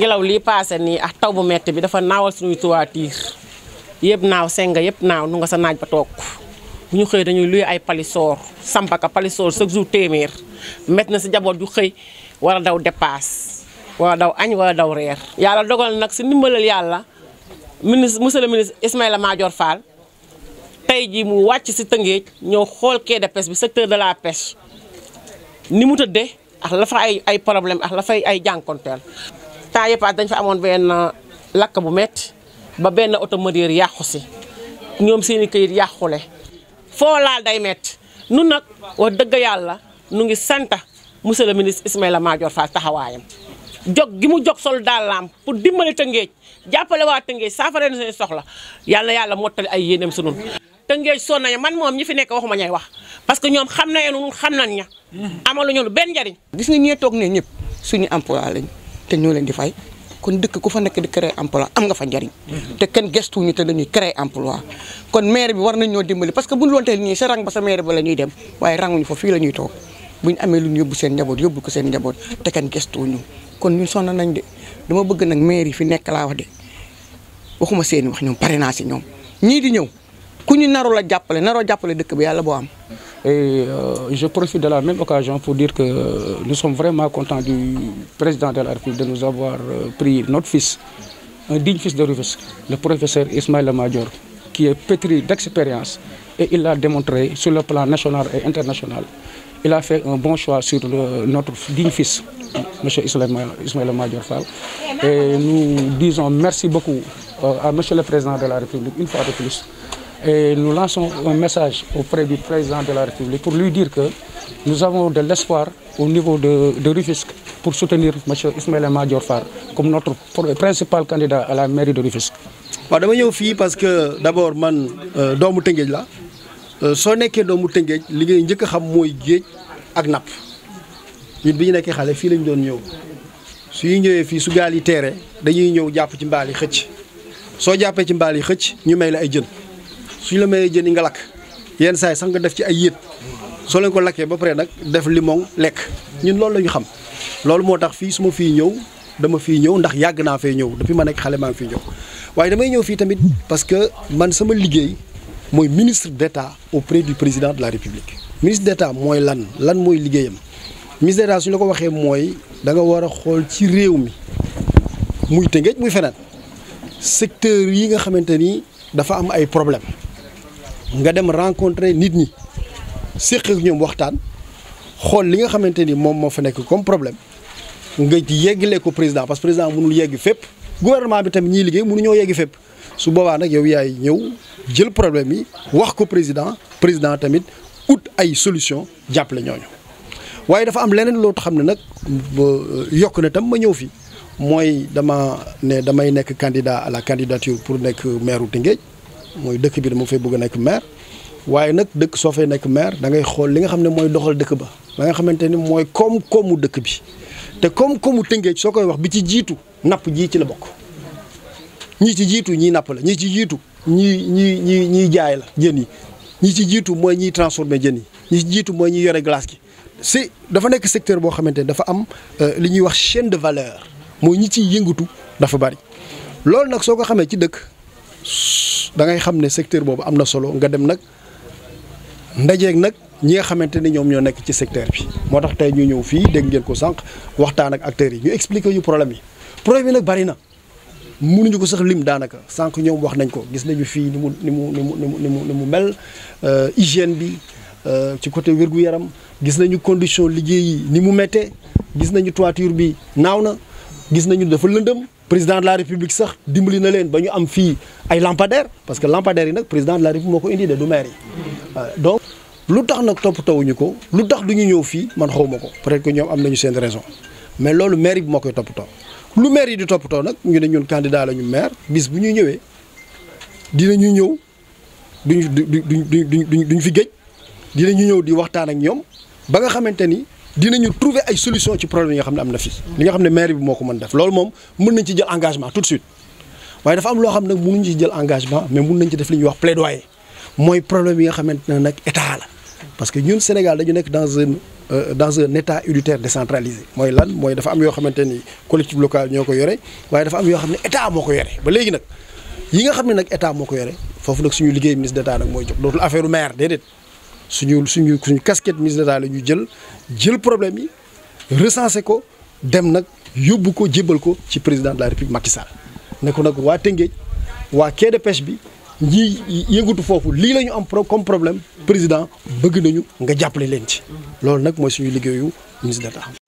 ngelaw lii paase nii ak taw bu metti bi dafa naawal suñuy toiture yëpp naaw senga yëpp naaw nu nga sa naaj ba toog bu ñu xëyee dañuy luy ay palisoor sampaka palisoor chaque jour téeméer métti na si jaboot ju xëy war daw dépasse war daw añ war daw reer yàlla dogal nag si ndimbalal yàlla ministre monsieur le ministre Ismaïla Madior Fall tey jii mu wàcc si Tëngéej ñëw xool quai de bi secteur de la pêche ni mu tëddee ak la fa ay ay problème ak la fay ay jànkonteel temps yëpp dañ fa amoon benn lakk bu metti ba benn oto moteur yàqu si ñoom seeni kayit këyit yàqule foo laal day metti nun nag wax dëgg yàlla nu ngi sant monsieur le ministre Ismaïla Madior Fall taxawaayam jog gi mu jog sol dàllaam pour dimbali Tëngéej jàppale waa Tëngéej saafara na seen soxla yàlla yàlla mottali ay yéeneem sunun Tëngéej sonn nañu man moom ñi fi nekk waxuma ñay wax parce que ñoom xam na ñun xam nañ ña mm-hmm. amaluñu benn njariñ gis nga ñee toog ne ñëpp suñu emploi te ñoo leen di fay kon dëkk ku fa nekk di créer emploi am nga fa njariñ te kenn ñu te dañuy créer emploi kon maire bi war nañ ñoo dimbali parce que buñu ñu ni sa rang ba sa maire ba lañuy dem waye rang ñu fa fi lañuy tok buñ amé lu ñu yóbbu seen njabot yobbu ko seen njabot te kenn ñu kon ñu sonna nañ de dama bëgg nak maire yi fi nekk la wax de waxuma seen wax ñom pare naa si ñoom ñii di ñew ku ñu naru la jappalé naru jappalé dëkk bi yalla bo am Et euh, je profite de la même occasion pour dire que nous sommes vraiment contents du président de la République de nous avoir euh, pris notre fils, un digne fils de Rufus, le professeur Ismaël Major, qui est pétri d'expérience et il l'a démontré sur le plan national et international. Il a fait un bon choix sur notre digne fils, M. Ismaël Major Fall. Et nous disons merci beaucoup euh, à M. le Président de la République, une fois de plus, et nous lançons un message auprès du président de la République pour lui dire que nous avons de l'espoir au niveau de, de Rufisque pour soutenir M. Ismaël Major Far comme notre principal candidat à la mairie de Rufisque. Je dama ñëw parce que d'abord man euh, doomu Tëngéej la euh, soo nekkee doomu Tëngéej li ngay njëkk a xam mooy géej ak napp ñun bi ñu nekkee xale fii lañ doon ñëw su ñuy ñëwee fii su gaal yi teere dañuy ñëw jàpp ci mbaal yi ci ñu may la su la mayee jën nga lak yeen say sax nga def ci ay yit so len ko laké ba paré nak def limong lek ñun loolu lañu xam loolu motax fi suma fi ñew dama fi ñew ndax yag na fee ñew depuis ma nek xalé ma fi ñew waye waaye damay ñëw fii tamit parce que man sama liggéey moy ministre d'état auprès du président de la république ministre d'état moy lan lan moy liggéeyam ministre d'état suñu la ko waxé moy da nga wara xol ci réew mi muy tengej muy feneen secteur yi nga xamanteni dafa am ay problème nga dem rencontrer nit ñi séq ak waxtaan xool li nga xamante ni moom moo comme problème nga yeggale ko président parce que président mënul yegg le gouvernement bi tamit ñiy liggéey yegg fépp su boobaa nag yow yaay ñëw jël problème yi wax ko président président tamit ut ay solution jàppale ñooñu ne na tam ma ne damay candidat à la candidature pour maire mooy dëkk bi dama fay bëgg a nekk maire waaye nag dëkk soo fay nekk maire dangay xool li nga xam ne mooy doxal dëkk ba la nga xamante ni mooy koom-koomu dëkk bi te koom-koomu Tëngéej soo koy wax bi ci jiitu napp jii ci la bokk ñii ci jiitu ñii napp la ñii ci jiitu ñii ñii ñii jaay la jën yi ñii ci jiitu mooy ñiy transformé jën yi ñii ci jiitu mooy ñiy yore glace gi si dafa nekk secteur boo xamante ne dafa am euh, li ñuy wax chaîne de valeur mooy ñi ciy yëngatu dafa bari loolu nag soo ko xamee ci dëkk da ngay xam ne secteur boobu am na solo nga dem nag ndajeeg nag ñi nga xamante ni ñoom ñoo nekk ci secteur bi moo tax tey ñu ñëw fii dégg ngeen ko sànq waxtaan ak acteurs yi ñu expliqué ñu problème yi problème yi nag bari na munuñu ko sax lim daanaka sànq ñoom wax nañ ko gis nañu fii ni mu ni mu ni mu ni mu ni mu mel euh, hygiène bi euh, ci côté wér-gu-yaram gis nañu condition liggéey yi ni mu méttee gis nañu toiture bi naaw na gis nañu dafa lëndëm président de la république sax dimbali na len bañu am fi ay lampadaire parce que lampadaire yi nak président de la république moko indi de du maire euh, donc lu tax top tawuñu ko lu tax du ñu ñëw fii man xawmako peut-être que ñom am nañu sen raison mais lolu maire bi moko top taw lu maire yi di taw nak ñu ne ñun candidat lañu maire bis buñu ñu dinañu ñëw duñ duñ duñ duñ fi géej dinañu ñëw di waxtaan ak ñom ba nga xamanteni dinañu trouver ay solution ci problème yi nga xam ne am na fii. li nga xam ne maire bi moo ko mën def loolu moom mën nañ ci jël engagement tout de suite waaye dafa am loo xam ne nag mënuñ ci jël engagement mais mën nañ ci def li ñuy wax nga xamante ne nag état la. parce que ñun Sénégal dañu nekk dans un euh, dans un état unitaire décentralisé mooy lan mooy dafa yoo xamante ni collectif local ñoo ko yore waaye dafa am yoo xam ne état moo ko yore ba léegi nag yi nga xam ne nag état ko yore foofu nag suñu liggéey ministre d'état nag mooy jóg dootul affaire maire déedéet. suñu suñu suñu casquette ministre d'État la ñu jël jël problème yi recensé ko dem nag yóbbu ko jébbal ko ci président de la république Macky Sall nag waa Tëngéej waa quai bi ñiy yëngatu foofu lii la ñu am comme problème président bëgg nañu nga jàppale leen ci loolu nag mooy suñu liggéeyu ministre d'État